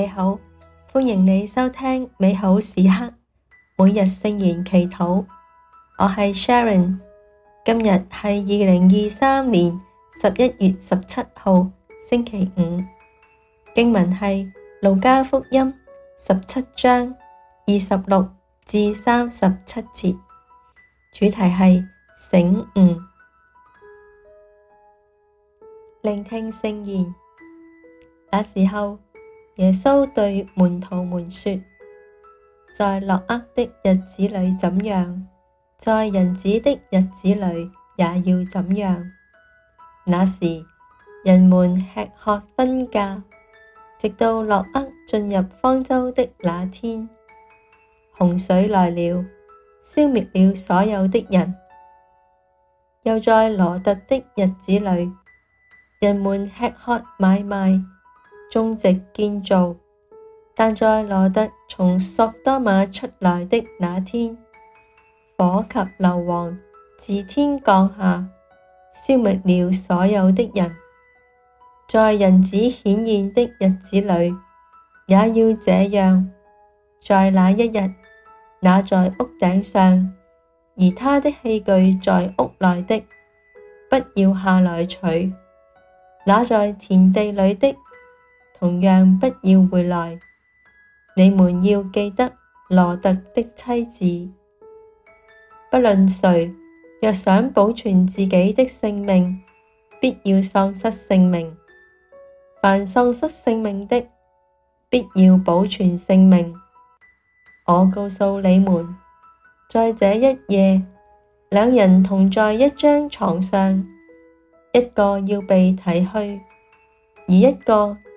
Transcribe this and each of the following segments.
你好，歡迎你收聽美好時刻，每日聖言祈禱。我係 Sharon，今日係二零二三年十一月十七號星期五。經文係路加福音十七章二十六至三十七節，主題係醒悟。聆聽聖言，那時候。耶穌對門徒們說：在諾厄的日子裏怎樣，在人子的日子裏也要怎樣。那時人們吃喝婚嫁，直到諾厄進入方舟的那天，洪水來了，消滅了所有的人。又在羅特的日子裏，人們吃喝買賣。種植建造，但在羅特從索多瑪出來的那天，火及硫磺自天降下，消滅了所有的人。在人子顯現的日子裏，也要這樣。在那一日，那在屋頂上，而他的器具在屋內的，不要下來取；那在田地裏的，同樣不要回來。你們要記得羅特的妻子。不論誰若想保存自己的性命，必要喪失性命；凡喪失性命的，必要保存性命。我告訴你們，在這一夜，兩人同在一張床上，一個要被提去，而一個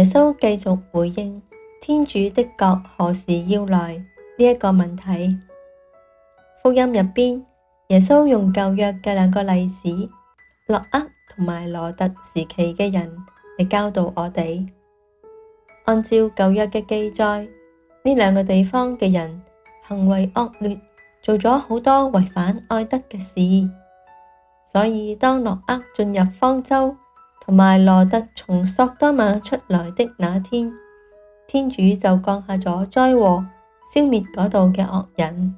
耶穌繼續回應天主的國何時要來呢一個問題。福音入邊，耶穌用舊約嘅兩個例子，諾厄同埋羅特時期嘅人嚟教導我哋。按照舊約嘅記載，呢兩個地方嘅人行為惡劣，做咗好多違反愛德嘅事，所以當諾厄進入方舟。同埋羅特從索多瑪出來的那天，天主就降下咗災禍，消滅嗰度嘅惡人。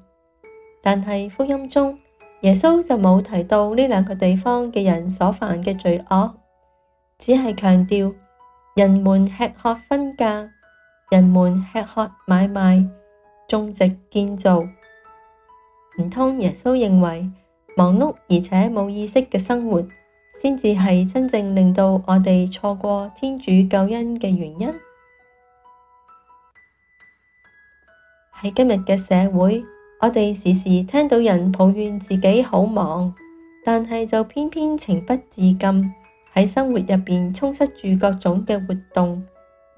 但係福音中，耶穌就冇提到呢兩個地方嘅人所犯嘅罪惡，只係強調人們吃喝婚嫁，人們吃喝買賣，種植建造。唔通耶穌認為忙碌而且冇意識嘅生活，先至係真正令到我哋錯過天主救恩嘅原因。喺今日嘅社會，我哋時時聽到人抱怨自己好忙，但係就偏偏情不自禁喺生活入邊充塞住各種嘅活動、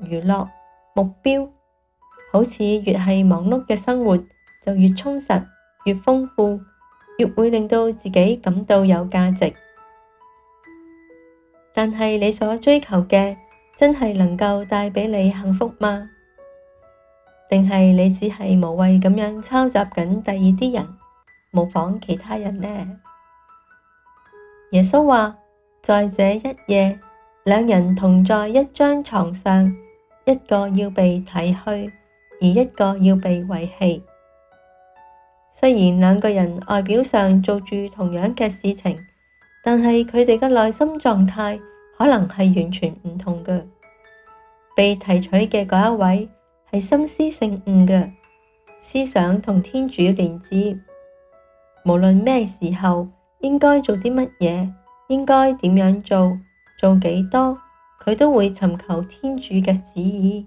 娛樂、目標，好似越係忙碌嘅生活就越充實、越豐富，越會令到自己感到有價值。但係你所追求嘅真係能夠帶俾你幸福嗎？定係你只係無謂咁樣抄襲緊第二啲人，模仿其他人呢？耶穌話：在這一夜，兩人同在一張床上，一個要被提去，而一個要被遺棄。雖然兩個人外表上做住同樣嘅事情，但係佢哋嘅內心狀態可能係完全唔同嘅。被提取嘅嗰一位係心思醒悟嘅，思想同天主連接，無論咩時候應該做啲乜嘢，應該點樣做，做幾多，佢都會尋求天主嘅旨意，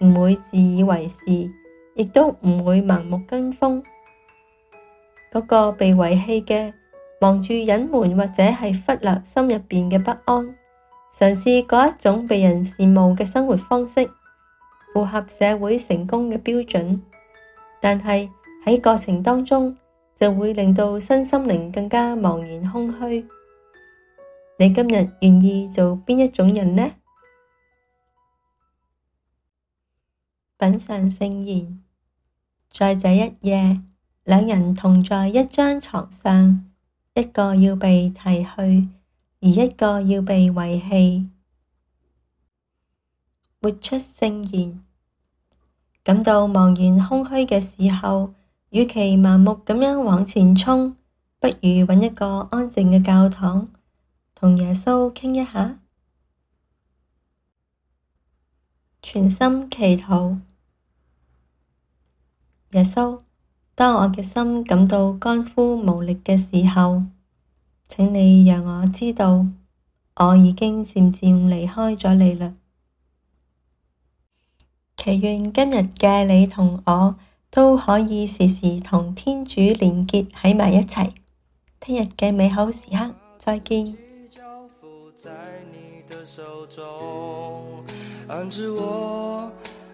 唔會自以為是，亦都唔會盲目跟風。嗰、那個被遺棄嘅。忙住隱瞞或者係忽略心入邊嘅不安，嘗試嗰一種被人羨慕嘅生活方式，符合社會成功嘅標準，但係喺過程當中就會令到身心靈更加茫然空虛。你今日願意做邊一種人呢？品嚐聖言，在這一夜，兩人同在一張床上。一個要被提去，而一個要被遺棄。活出聖言，感到茫然空虛嘅時候，與其盲目咁樣往前衝，不如搵一個安靜嘅教堂，同耶穌傾一下。全心祈禱，耶穌。當我嘅心感到乾枯無力嘅時候，請你讓我知道，我已經漸漸離開咗你啦。祈願今日嘅你同我都可以時時同天主連結喺埋一齊。聽日嘅美好時刻，再見。